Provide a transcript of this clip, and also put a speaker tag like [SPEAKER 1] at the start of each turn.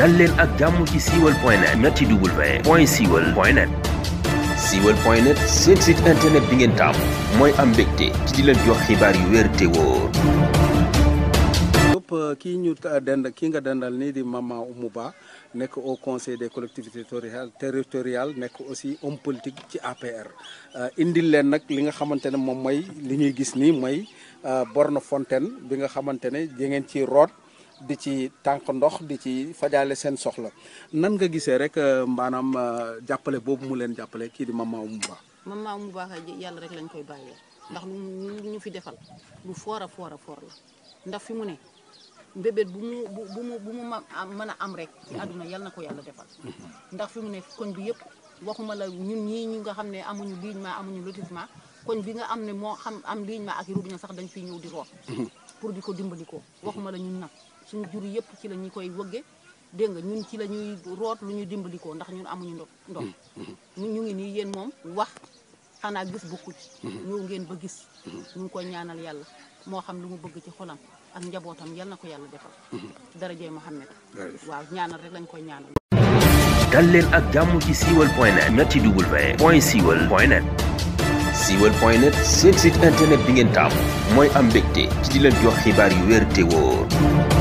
[SPEAKER 1] dal leen ak jàmm ci siiwal point net ñetti w point siiwal site internet bi ngeen tam moy am bekté ci di len jox xibaar yu wér wo
[SPEAKER 2] top ki ñu euh, dend ki nga dendal ni di mama umuba nek au conseil des collectivités territoriales nek aussi homme politique ci APR euh, indi len nak li nga xamantene mom moy li ñuy gis ni moy euh, borno fontaine bi nga xamantene ne ngeen ci root di ci tànk ndox di ci fajaale seen soxla nan nga gisee rek euh, maanaam euh, jàppale boobu mu leen jàppale kii di Mama Oumou Ba.
[SPEAKER 3] Mama Oumou Ba yàlla rek lañ koy bàyyee ndax lu ñu fi defal lu foor a foor a foor la ndax fi mu ne mbébét bu mu bu mu bu mu mën a am rek ci àdduna yàlla na ko yàlla defal mhm. ndax fi mu ne koñ bi yëpp waxuma la ñun ñii ñu nga xam ne amuñu logement amuñu lotissement koñ bi nga am ne moo xam am liñ ma ak rubinet sax dañ fiy ñëw di root mhm. pour di ko dimbali ko waxuma la ñun nag suñ jur yëpp ci la ñu koy wëgge dégg nga ñun ci la ñuy root lu ñu dimbali ko ndax ñun amuñu ndox ndox mhm. mhm. ñu ngi nii yéen moom wax xanaa gis bokku ci ñëw ngeen ba gis ñu ngi koy ñaanal yàlla moo xam lu mu bëgg ci xolam ak njabootam yal na ko yàlla defal darajee Muhammad waaw ñaanal rek lañ koy ñaanal
[SPEAKER 1] dal leen ak jàmm ci siiwal point net www point siiwal point siiwal point net seen site internet bi ngeen taamu mooy am mbégte ci di leen jox xibaar yu wér te